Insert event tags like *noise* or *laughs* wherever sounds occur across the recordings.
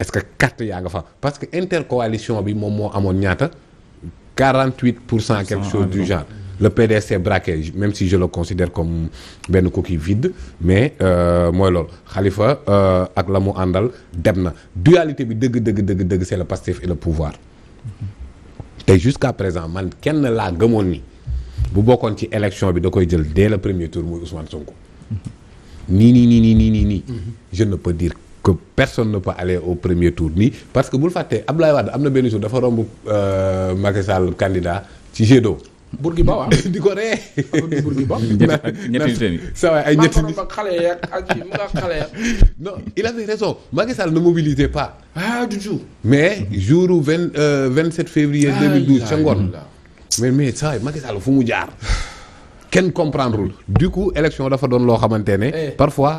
est-ce que carte yaa nga fa parce que intercoalition bi moom moo amoon ñaata 48 pour cent quelque chose du genre le PDS braqué même si je le considère comme benn coquille vide mais euh, mooy loolu Khalifa euh, ak la mu àndal dem na duyalité bi dëgg dëgg dëgg dëgg c'est le Pastef et le pouvoir te jusqu'à présent man kenn laa gëmoon ni bu bokkoon ci élection bi da koy jël dès le premier tour muy Ousmane Sonko mhm. nii nii nii nii nii nii je ne peux dire que personne ne peut aller au premier tour nii parce que bul fàttee Abdoulaye Wade am na benn jour dafa romb euh, Macky Sall candidat ci jet d'eau. *laughs* ko ree. Bourguiba *laughs* ñetti saa waay ay ñetti nit xale ya ak mu nga xale ya *laughs* non il avait pas. Ah, mais jour vingt euh, vingt sept février 2012 ngoon. mais mais saa fu mu jaar. kenn comprendrewul du coup élection dafa doon loo xamante ne. Eh, parfois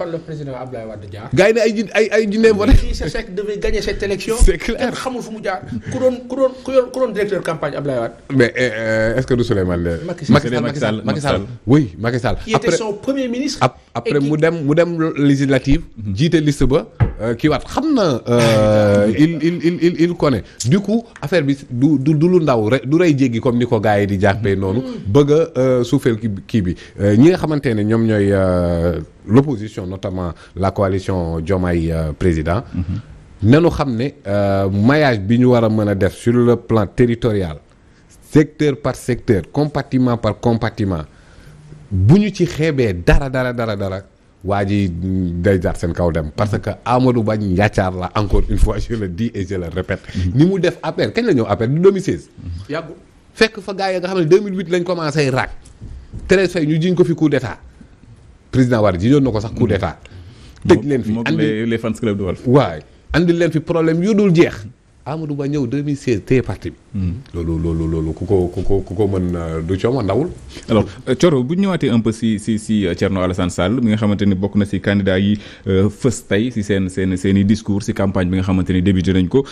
fan la président Abdoulaye Wade jaar. gars yi ne ay ay ay junneem wala. si *laughs* ku doon ku doon ku doon ku doon directeur campagne Abdoulaye Wade. mais eh, eh, est-ce que du Souleymane la. Macky Sall Macky Sall Macky Sall oui Macky Sall. qui après mu dem mu dem législative. Mhm. jiite liste ba euh, kii xam na euh, *laughs* il il il il il connaît du coup affaire bi du du lu ndaw rek du rey jéggi comme ni ko gars yi di jàppee noonu. Mhm. bëgg a euh, suufeel kii bi ñi nga xamante ne ñoom ñooy l'opposition. notamment la coalition Diomaye euh, président nanu xam ne euh, mayage bi ñu war a mën a def sur le plan territorial secteur par secteur compartiment par compartiment bu ñu ci xeebee dara dara dara dara waa ji day jaar seen kaw dem parce que Amadou Ba njàccaar la encore une fois je le dis et je le ni mu def appel kañ la ñëw appel du 2016. yàggul fekk fa gars yi nga xam ne 2008 lañ commencé raak. Thérèse Faye ñu jiñ ko fi coup d'état président war ji doon na ko sax coup mm-hmm. d'état tëj leen fi andi les fans club du leen fi problème yu dul jeex Amadou Ba ñëw 2016 téye parti bi. Mm-hmm. loolu loolu loolu ku ko ku ko ku ko mën euh, du cooma ndawul. alors euh, Thioro bu ñu ñëwaatee un peu si si si euh, Thierno Alassane Sall bi nga xamante ni bokk na si candidat yi fës tey si seen seen seen i discours si campagne bi nga xamante ni débuté nañ ko.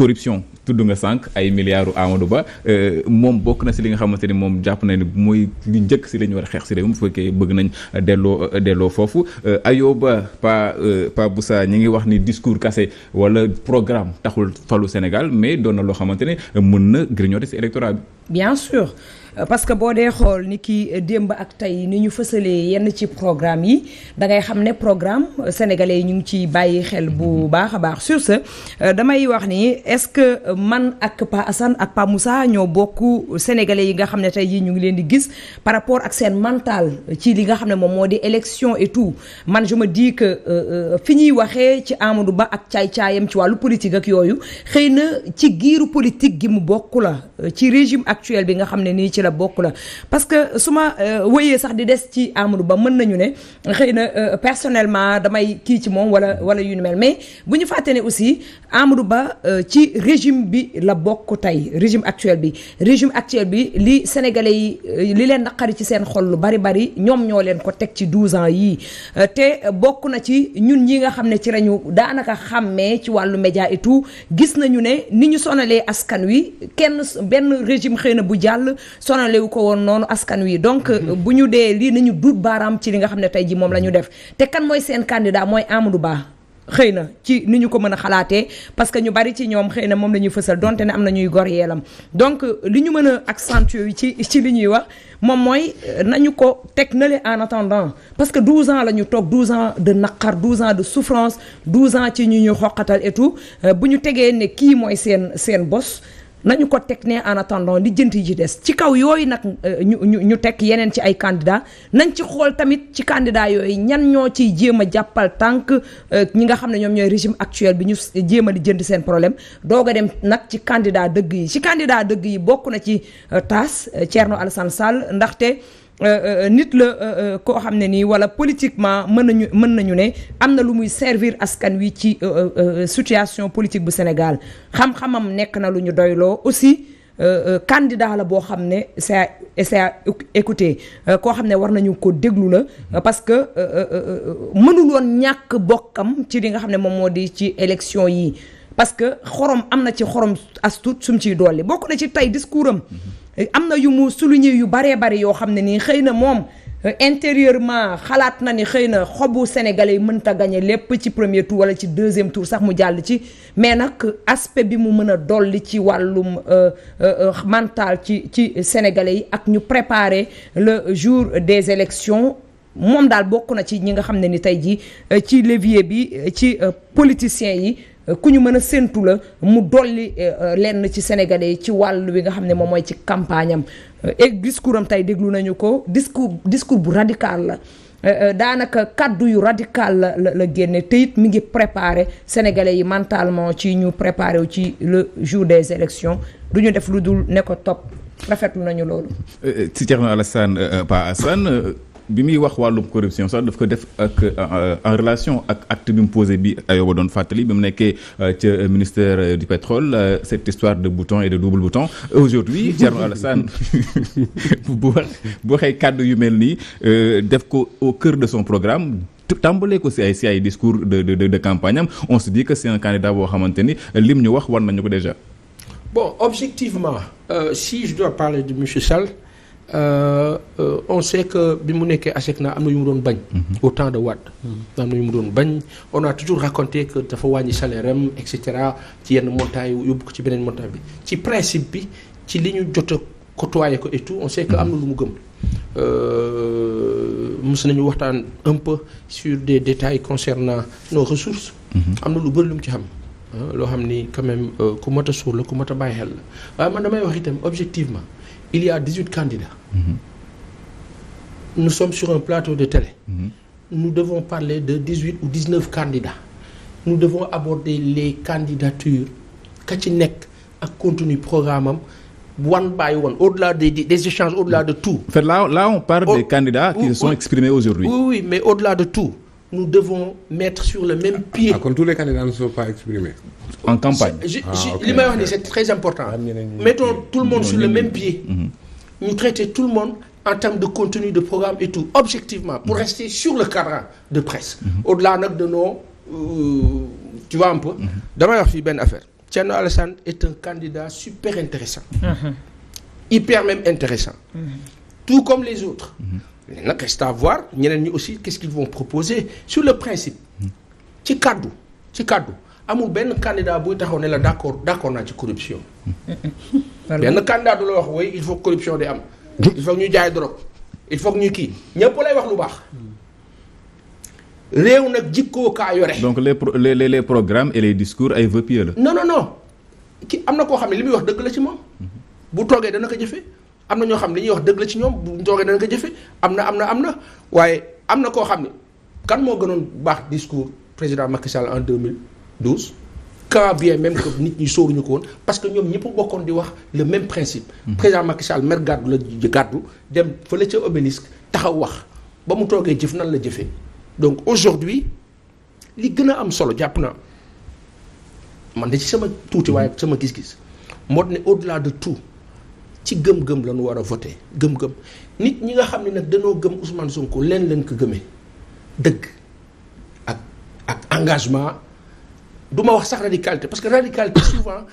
corruption tudd nga sànq ay milliards Amadou Ba euh, moom bokk na si li nga xamante ni moom jàpp na ni mooy li njëkk si la ñu war a xeex si réew mi fekkee bëgg nañ delloo euh, delloo foofu euh, Ayoba Pa Pa Boussa ñi ngi wax ni discours kase wala programme taxul falu Sénégal mais doon na loo xamante ne mën na grignoter si électorat bi. bien sûr. parce que boo dee xool ni ki démb ak tey ni ñu fësalee yenn ci programme yi da ngay xam ne programme euh, sénégalais yi ñu ngi ciy bàyyi xel bu baax a baax sur ce euh, damay wax ni est-ce que man ak Pa Assane ak Pa Moussa ñoo bokk sénégalais yi nga xam ne tey jii ñu ngi leen di gis par rapport ak seen mental ci li nga xam ne moom moo di élection et tout man je me dis que euh, fi ñuy waxee ci Amadou Ba ak caay-caayam ci wàllu politique ak yooyu xëy na ci giiru politique gi mu bokk la ci régime bi nga xam ne la bokk la parce que su ma euh, wëyee sax di des ci Amadou Ba mën nañu ne xëy na euh, personnellement damay kii ci moom wala wala yu ni mel mais bu ñu fàtte ne aussi Amadou Ba euh, ci régime bi la bokk tey régime actuel bi régime actuel bi li sénégalais yi li leen naqari ci seen xol lu bari bari ñoom ñoo leen ko teg ci 12 ans yii te bokk na ci ñun ñi nga xam ne ci lañu daanaka xàmmee ci wàllu média et gis nañu ne ni ñu sonalee askan wi kenn benn régime xëy na bu jàll wu ko woon noonu askan wi donc mhm. euh, bu ñu dee lii nañu duut baaraam ci li nga xam ne tey ji moom la ñu def te kan mooy seen candidat mooy Amadou Ba xëy na ci ni ñu ko mën a xalaatee parce que ñu bari ci ñoom xëy na moom la ñuy fësal donte ne am na ñuy gor yeelam donc euh, li ñu mën a accentuer ci ci li ñuy wax moom mooy euh, nañu ko teg nale en attendant parce que 12 ans la ñu toog 12 ans de naqar 12 ans de souffrance 12 ans ci ñu ñu xoqatal et bu ñu tegee ne kii mooy seen seen bos nañu ko teg ne en attendant li jënt ji des ci kaw yooyu nag euh, ñu ñu ñu teg yeneen ci ay candidats nañ ci xool tamit ci candidats yooyu ñan ñoo ciy jéem a jàppal tànk euh, ñi nga xam ne ñoom ñooy régime actuel bi ñu jéem a di jënd seen problème doog a dem nag ci candidat dëgg yi ci candidat dëgg yi bokk na ci euh, taas Thierno Alassane Sall ndaxte. Euh, euh, euh, nit la koo xam ne nii wala politiquement mën nañu mën nañu ne am na lu muy servir askan wi ci situation politique bu Sénégal xam-xamam nekk na lu ñu doyloo aussi candidat la boo xam ne c'est à écouter koo xam ne war nañu ko déglu la parce que mënul woon ñàkk bokkam ci li nga xam ne moom moo di ci élection yi parce que xorom am na ci xorom as tuut sum ciy dolli bokk na ci tey discours am am na yu mu souligner yu baree bari yoo xam ne nii xëy na moom euh, intérieurement xalaat na ni xëy na xobu sénégalais yi mënta gagné lépp ci premier tour wala ci deuxième tour sax mu jàll ci mais nag aspect bi mu mën a dolli ci wàllum euh, euh, mental ci ci sénégalais yi ak ñu préparer le jour des élections moom daal bokk na ci ñi nga xam ne ni tey jii ci levier bi ci politiciens yi ku ñu mën a séntu la mu dolli euh, euh, lenn ci sénégalais yi ci wàll wi nga xam ne moom mooy ci campagne am euh, et discours am tey déglu nañu ko discours discours bu radical la daanaka kàddu yu radical la la la génne te mu ngi préparé sénégalais yi mentalement ci ñu préparé wu ci le jour des élections du ñu def lu dul ne ko topp rafetlu nañu loolu. ci Thierno Alassane Ba Assane bi muy wax wàllum corruption sax daf ko def ak euh, en relation ak acte bi mu posé bi Ayoba doon fàttali bi mu nekkee euh, ca ministère euh, du pétrole cette histoire de bouton et de double bouton aujourd'hui *laughs* Thierno Alassane *laughs* bu wax bu waxee kàddu yu mel nii def ko au cœur de son programme tàmbalee ko si ay si ay discours de de de campagne am on se dit que c'est un candidat boo xamante ni lim ñu wax war nañu ko déjà bon objectivement si je dois parler de monsieur Sall Euh, euh, on sait que bi mu nekkee ASECNA am na yu mu doon bañ. Mhm. au temps de Wade. Mhm. am na yu mu doon bañ on a toujours raconté que dafa wàññi salaire am et cetera ci yenn montant yóbbu ko ci beneen montant bi ci principe bi ci li ñu jot a côtoyé ko et tout on sait que am na mhm. lu mu gëm. Euh, mës nañu waxtaan un peu sur des détails concernant nos ressources. am na lu bëri lu mu ci xam. Ah, loo xam ni quand même ku mat a suur la ku mat a bàyyi xel la waaye ah, man damay wax itam objectivement. il y a dix-huit candidats. nous sommes sur un plateau de télé. nous devons parler de dix-huit ou dix-neuf candidats. nous devons aborder les candidatures ka ci nekk ak contenu programme am one by one au-delà des des échanges au-delà de tout. En fait, là là on parle des candidats qui se sont exprimés aujourd'hui. Oui mais au-delà de tout nous devons mettre sur le même pied. Ah, quand tous les candidats ne sont pas exprimés. en campagne. Ah, li may wax ni c'est très important. mettons tout le monde sur le même pied. ñu mhm. traiter tout le monde en termes de contenu de programme et tout objectivement pour mhm. rester sur le cadran de presse. Mhm. au-delà nag de nos euh, tu vois un peu. damay wax fii benn affaire. Thierno Alassane est un candidat super intéressant hyper même intéressant tout comme les autres. nag reste à voir ñeneen aussi qu'est-ce qu'ils vont proposer sur le principe. ci kàddu ci kàddu. amul benn candidat buy taxaw ne la d'accord d'accord naa ci corruption. *laughs* benn candidat du la wax woy il faut corruption di am. il faut ñu jaay drogue il faut ñu kii ñëpp lay wax lu baax. Hmm. réew nag jikkoo yore. donc les pro les les programmes et les discours ay vœux pieux la. non ki am na koo xam ne li muy wax dëgg la ci moom. Hmm. bu toogee dana ko jëfee am na ñoo xam ne li wax dëgg la ci ñoom bu toogee dana ko jëfee am na am na am na waaye am na koo xam ne kan moo gënoon baax discours président Macky Sall en 2000. 12 quand bien même que nit ñi sóoruñu ko woon parce que ñoom ñëpp bokkoon di wax le même principe. Mhm. président Macky Sall mer gàddu la gàddu dem fële ca obélisque taxaw wax ba mu toogee jëf nan la jëfee donc aujourd'hui li gën a am solo jàpp naa man de ci sama tuuti waaye mhm. sama gis-gis moo ne au-delà de tout ci gëm-gëm la nu war a voter gëm-gëm nit ñi nga xam ne nag danoo gëm Ousmane Sonko leen leen ko gëmee dëgg ak ak engagement. du ma wax sax radicalité parce que radicalité souvent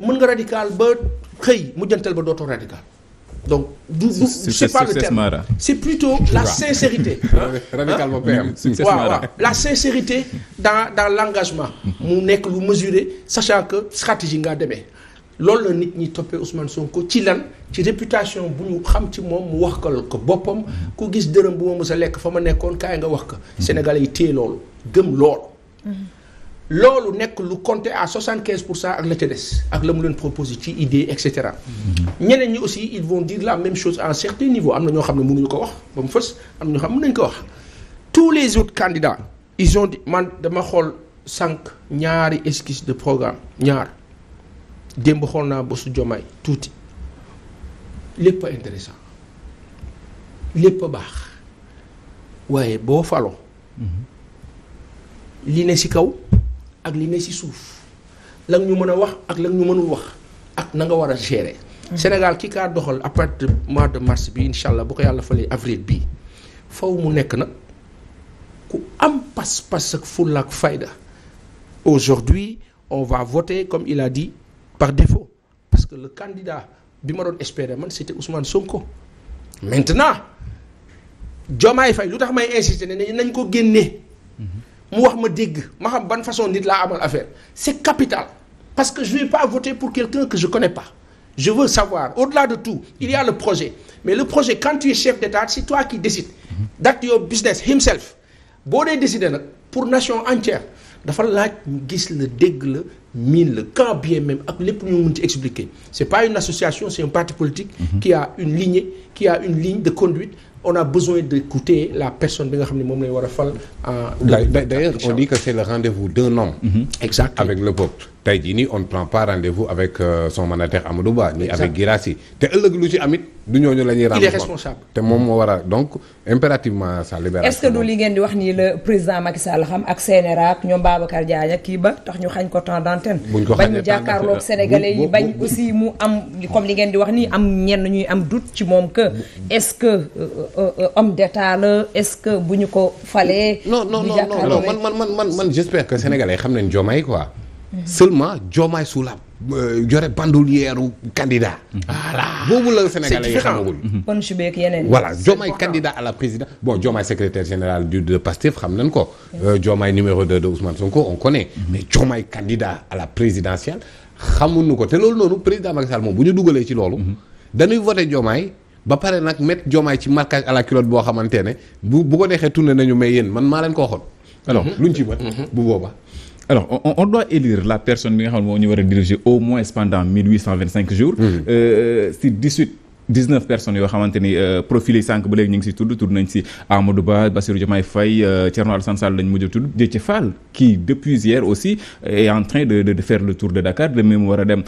mun nga radical ba xëy mu jëntal ba dootoo radical donc du du c'est pas le terme c'est plutôt la sincérité *laughs* radical ba ah, PM waaw waaw la sincérité dans dans l'engagement mhm. mu nekk lu mesuré sachant que stratégie ngaa demee loolu la nit ñi toppee Ousmane Sonko ci lan ci réputation bu ñu xam ci moom mu wax ko la ko boppam mhm. ku gis dërëm bu ma mës lekk fa ma nekkoon kaay nga wax ko mhm. sénégal yi téye loolu gëm loolu loolu nekk lu compté à 75 pour cent ak la ca des ak la mu leen proposé ci idée et cetera. ñeneen ñi aussi ils von dire la même chose à un certain niveau am na ñoo xam ne mënuñu ko wax ba mu fës am na ñoo xam ne mënuñu ko wax. tous les autres candidats ils ont dit man dama xool sànq ñaari esquisse de programme ñaar démb xool naa bosu jommaay tuuti lépp a intéressant lépp a baax waaye boo faloo. Mhm. li ne si kaw. ak li ne si suuf lan ñu mën a wax ak lan ñu mënul wax ak na nga war a gérer. Mm-hmm. Sénégal ki kaa doxal à partir mois de mars bi incha allah bu ko yàlla falee avril bii faw mu nekk nag ku am pas-pas ak fulla ak fayda aujourd'hui on va voter comme il a dit par défaut parce que le candidat bi ma doon espérer man c'était Ousmane ko maintenant jomaay Faye lu tax may insister ne nañ ko génnee mm-hmm. mu wax ma dégg ma xam ban façon nit laa amal affaire c'est capital parce que je vais pas voter pour quelqu'un que je connais pas je veux savoir au-delà de tout il y a le projet mais le projet quand tu es chef d'État c'est toi qui décides that your business himself boo dee décider nag pour nation entière dafa laaj gis la dégg la miin la quand bien même ak lépp ñu mën ci expliquer c'est pas une association c'est un parti politique mm-hmm. qui a une lignée qui a une ligne on a besoin d'écouter la personne bi nga xam ne moom lay war a fal. Euh, d'ailleurs on dit que c'est le rendez-vous d'un homme. exactement avec le peuple. tey jii nii on ne prend pas rendez-vous avec euh, son mandataire Amadou Ba. ni avec Guirassy te ëllëg lu ci amit du ñooñu la ñuy. il est te moom moo war a donc impérativement sa libération. est-ce que ngeen di wax nii le président Macky Sall xam ak CNRA ak ñoom Babacar Diagne kii ba tax ñu xañ ko temps d'antenne. buñ ko bañ jàkkaarloog euh, sénégalais yi bañ aussi mu am comme li ngeen di wax nii am ñenn ñuy am doute ci moom que est-ce que euh, homme d'État est-ce que bu ñu ko falee. non non non man man man man j'espère que sénégalais xam nañ Diomaye quoi. seulement Diomaye sous la jore euh, bandoulière candidat. voilà boobu la Sénégalais yi xamagul. kon su beeg yeneen voilà Diomaye candidat à la présidence bon Diomaye secrétaire général du de Pastef xam nañ ko. Euh, Diomaye numéro 2 de Ousmane ko on connaît. Mm-hmm. mais Diomaye candidat à la présidentielle xamuñu ko te loolu noonu président Macky Sall moom bu ñu dugalee ci loolu. Mm-hmm. dañuy voté joomaay ba pare nag mettre Diomaye ci marquage à la culotte boo xamante ne bu bu ko neexee tourné nañu mais yéen man maa leen ko waxoon. alors mm-hmm. luñ ci bët. bu boobaa. alors on, on doit élire la personne bi nga xam ne ñu war a diriger au moins pendant mille huit cent vingt cinq jours. Euh, si dix huit dix neuf personnes yoo xamante ni euh, profilé sànq ba léegi ñu ngi si tudd tudd nañ si Amadou Ba Bassirou Diomaye Faye euh, Thierno Alassane Sall lañ mujj a tudd Déthié Fall qui depuis hier aussi est en train de de, de le tour de Dakar de même war a dem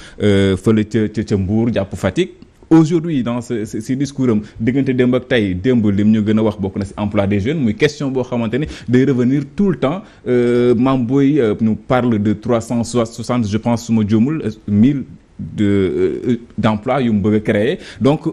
fële ca ca Mbour jàpp Fatick. aujourd'hui dans ce si discours am diggante démb ak tey démb lim ñu gën a wax bokk na si emploi des jeunes muy question boo xamante ne revenir tout le temps euh, Mame Boye euh, nous parle de trois cent soixante je pense su ma juumul euh, mille de d'emploi yu mu bëgg a créer donc